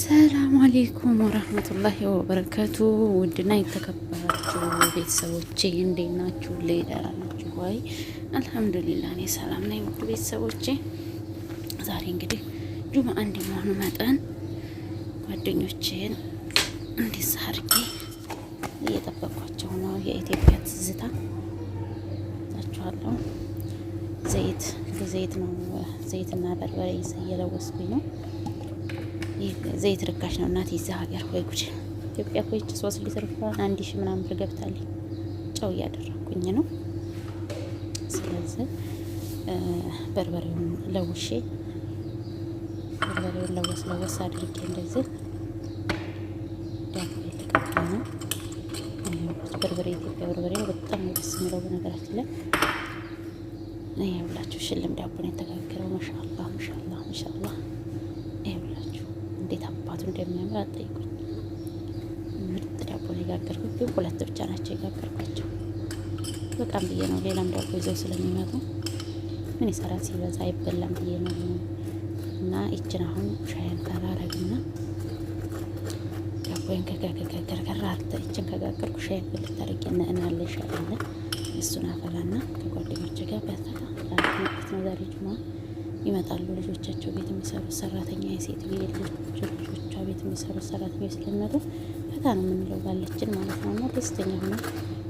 ሰላም አሌይኩም ወረህመቱላሂ ወበረከቱ። ውድና የተከበራችሁ ቤተሰቦቼ እንዴት ናችሁ? ደህና ናችሁ ወይ? አልሐምዱሊላ እኔ ሰላም ነኝ። ውድ ቤተሰቦቼ ዛሬ እንግዲህ ጁማ እንዲ መሆኑ መጠን ጓደኞቼን እንዲህ ሳርጌ እየጠበቋቸው ነው። የኢትዮጵያ ትዝታ ዛችኋለሁ። ዘይት ዘይት ነው ዘይትና በርበሬ እየለወስኩኝ ነው ዘይት ርካሽ ነው እናቴ እዛ ሀገር። ወይ ጉድ! ኢትዮጵያ እኮ ይቺ ሶስት ሊትር እንኳን አንድ ሺህ ምናምን ብር ገብታለች። ጨው እያደረኩኝ ነው። ስለዚህ በርበሬውን ለውሼ በርበሬውን ለወስ ለወስ አድርጌ እንደዚህ ዳቦ ነው። በርበሬ ኢትዮጵያ በርበሬ ነው። በጣም ደስ የሚለው በነገራችን ላይ ሽልም ዳቦ ነው የተጋገረው። ማሻአላህ ማሻአላህ ማሻአላህ እንዴት እንደሚያምር አጠይቁኝ። ምርጥ ዳቦ ነው የጋገርኩት፣ ግን ሁለት ብቻ ናቸው የጋገርኳቸው። በቃም ብዬ ነው ሌላም ዳቦ ይዘው ስለሚመጡ ምን ይሰራል ሲበዛ አይበላም ብዬ ነው እና ይችን አሁን ሻያን ተራረግና ዳቦን ከጋገርጋገርጋር አርተ ይችን ከጋገርኩ ሻያን ብልታረቂ እናለ ይሻላለን። እሱን አፈላና ከጓደኞች ጋር በታ ማለት ነው ዛሬ ጅማ ይመጣሉ። ልጆቻቸው ቤት የሚሰሩት ሰራተኛ የሴት ልጆቿ ቤት የሚሰሩት ሰራተኛ ስለሚመጡ ፈታ ነው የምንለው ባለችን ማለት ነው። እና ደስተኛ ሆነ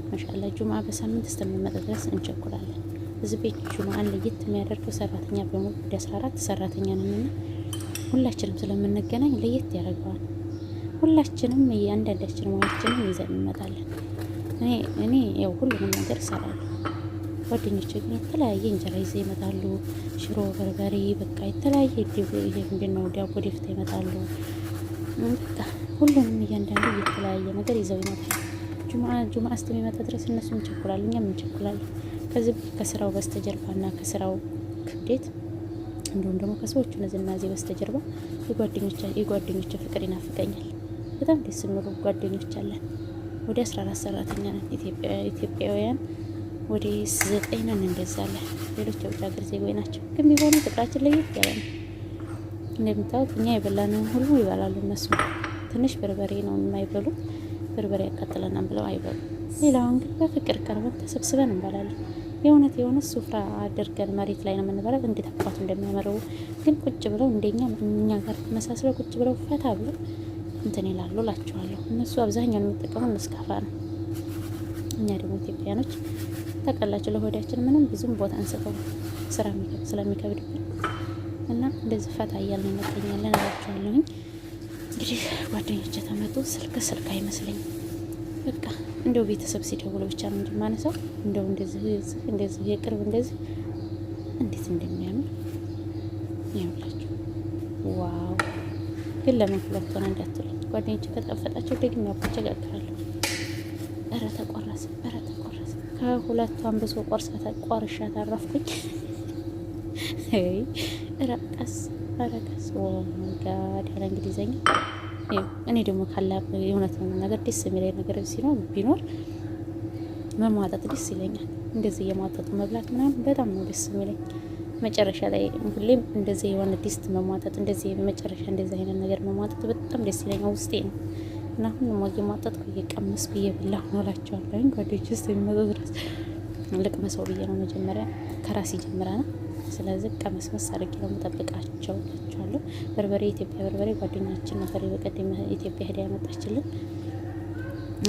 ማሻላ ጁማ በሳምንት እስከሚመጣ ድረስ እንቸኩላለን። እዚህ ቤት ጁማን ለየት የሚያደርገው ሰራተኛ በሙሉ ወደ አስራ አራት ሰራተኛ ነንና ሁላችንም ስለምንገናኝ ለየት ያደርገዋል። ሁላችንም እያንዳንዳችን ማለችንም ይዘን እንመጣለን። እኔ ያው ሁሉንም ነገር እሰራለሁ ጓደኞቼ ግን የተለያየ እንጀራ ይዘው ይመጣሉ። ሽሮ፣ በርበሬ በቃ የተለያየ ምንድን ነው ዳቦ ደፍተው ይመጣሉ። በቃ ሁሉንም እያንዳንዱ የተለያየ ነገር ይዘው ይመጣሉ። ጁምአ ጁምአ እስከሚመጣ ድረስ እነሱ እንቸኩላለን፣ እኛም እንቸኩላለን። ከዚህ ከስራው በስተጀርባና ከስራው ክብደት እንዲሁም ደግሞ ከሰዎቹ ንዝናዜ በስተጀርባ የጓደኞቼ ፍቅር ይናፍቀኛል። በጣም ደስ የሚሉ ጓደኞች አለን። ወደ አስራ አራት ሰራተኛ ኢትዮጵያውያን ወደ ዘጠኝ ነን እንገዛለን። ሌሎች የውጭ ሀገር ዜጎች ናቸው ግን ቢሆኑ ፍቅራችን ለየት ያለ ነው። እንደምታዩት እኛ የበላነውን ሁሉ ይበላሉ እነሱ። ትንሽ በርበሬ ነው የማይበሉ በርበሬ ያቃጥለናል ብለው አይበሉ። ሌላውን ግን በፍቅር ቀርበን ተሰብስበን እንበላለን። የእውነት የሆነ ሱፍራ አድርገን መሬት ላይ ነው የምንበላት። እንዴት አባቱ እንደሚያመረው ግን ቁጭ ብለው እንደኛ እኛ ጋር ተመሳስለው ቁጭ ብለው ፈታ ብለው እንትን ይላሉ ላቸዋለሁ። እነሱ አብዛኛውን የሚጠቀሙ መስካፋ ነው። እኛ ደግሞ ኢትዮጵያኖች ታውቃላችሁ፣ ለሆዳችን ምንም ብዙም ቦታ አንስተው ስራ ስለሚከብድብን እና እንደዚህ ፈታ እያልን እንገኛለን እላችኋለሁኝ። እንግዲህ ጓደኞች ተመጡ ስልክ ስልክ አይመስለኝም። በቃ እንደው ቤተሰብ ሲደውል ብቻ ነው እንጂ ማነሳው እንደው እንደዚህ እንደዚህ የቅርብ እንደዚህ እንዴት እንደሚያምር ይኸውላችሁ። ዋው ግን ለምን ሁለት ሆነ እንዳትሉኝ ጓደኞች ከጠፈጣቸው ደግሜ ያቆጨጋግራለሁ። ኧረ ተቆረሰ፣ ኧረ ተቆረሰ ከሁለቱ አንብሶ ቆርሻ ተረፍኩኝ። ረቀስ ረቀስ ጋድ ያለ እንግሊዘኛ። እኔ ደግሞ ካላ የእውነት ነገር ደስ የሚለኝ ነገር ሲኖር ቢኖር መሟጠጥ ደስ ይለኛል። እንደዚህ የሟጠጡ መብላት ምናምን በጣም ነው ደስ የሚለኝ። መጨረሻ ላይ ሁሌም እንደዚህ የሆነ ዲስት መሟጠጥ እንደዚህ መጨረሻ እንደዚህ አይነት ነገር መሟጠጥ በጣም ደስ ይለኛል። ውስጤ ነው እና አሁን ሞጌ ማጠጥኩ እየቀመስ ብዬ ብላ ኖላቸዋለኝ ውስጥ የሚመጡ ድረስ ልቅመሰው ብዬ ነው መጀመሪያ ከራስ ይጀምራና ስለዚህ ቀመስመስ አድርጌ ነው የምጠብቃቸው ናቸዋለሁ። በርበሬ ኢትዮጵያ በርበሬ ጓደኛችን ነበር በቀደም ኢትዮጵያ ሄዳ ያመጣችልን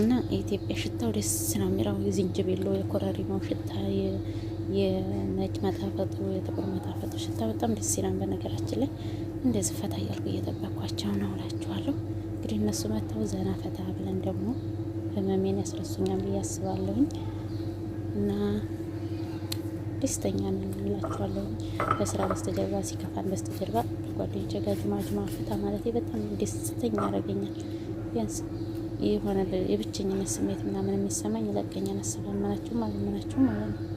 እና የኢትዮጵያ ሽታው ደስ ነው የሚለው የዝንጅቤሎ የኮረሪማው ሽታ የነጭ መጣፈጡ የጥቁር መጣፈጡ ሽታ በጣም ደስ ይላል። በነገራችን ላይ እንደዚህ ፈታ እያልኩ እየጠበኳቸው ነው እላችኋለሁ። እነሱ መጥተው ዘና ፈታ ብለን ደግሞ ህመሜን ያስረሱኛል ብዬ አስባለሁኝ እና ደስተኛ ነን እላችኋለሁ። በስራ በስተጀርባ ሲከፋን በስተጀርባ ጓደኞቼ ጋር ጅማ ጅማ ፈታ ማለት በጣም ደስተኛ ያደረገኛል። ቢያንስ የሆነ የብቸኝነት ስሜት ምናምን የሚሰማኝ ይለቀኛል። አስባመናችሁም አልመናችሁም ማለት ነው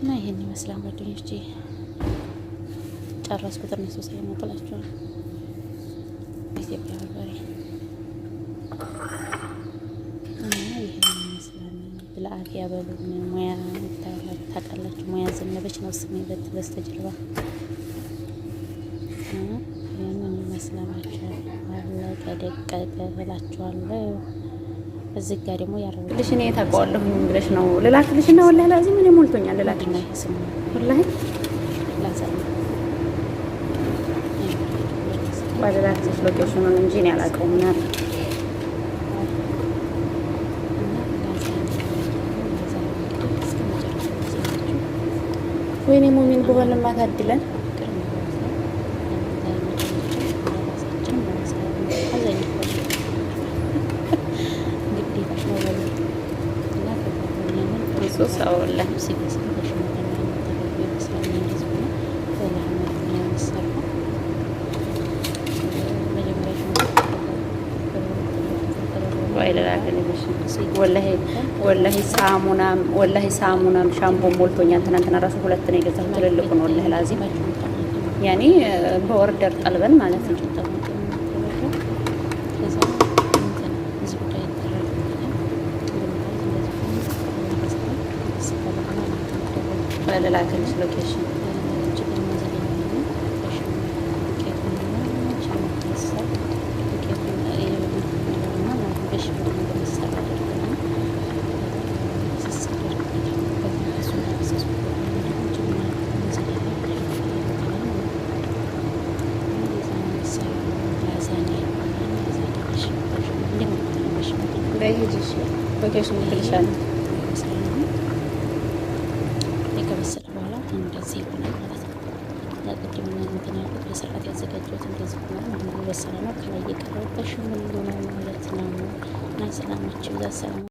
እና ይህን ይመስላል ጓደኞቼ። ጨረስኩት እነሱ ሳይመጡ የኢትዮጵያ በርበሬ እና ብልአት ያበሉን ሙያ ታውቃላችሁ። ሙያ ዘነበች ነው ስሜ በስተጀርባ ይህንን ይመስላችኋል። አለቀ ደቀቀ እላችኋለሁ። እዚህ ጋር ደግሞ ያረግልሽ እኔ ታውቀዋለሁ ብለሽ ነው ልላክልሽ እና ወላሂ ላዚም እኔ ሞልቶኛል ልላክልሽ ወላሂ ላዘነ ዋደላ አክቲቭ ሎኬሽኑን እንጂ ነው ያላቀው ምናምን ወይኔ ሙሚን በሆንማ ታድለን። ሱስ አውላ ሲበዛ ወላሂ ሳሙናም ወላሂ ሳሙናም ሻምፖም ሞልቶኛል። ትናንትና ራሱ ሁለት ነው የገዛሁት ወላሂ ላዚም ያኔ በኦርደር ጠልበን ማለት ነው። ሎኬሽን በጌሱ ምክልሻል የከበሰለ በኋላ እንደዚህ ይሆናል ማለት ነው። ለቅድም እንትን ያልኩት ለሰላት ያዘጋጀሁት እንደዚህ ሆናል። አንዱ በሰለ ነው ከላይ የቀረበ ሽምሉ ነው ማለት ነው እና ሰላማችሁ ይብዛ። ሰላም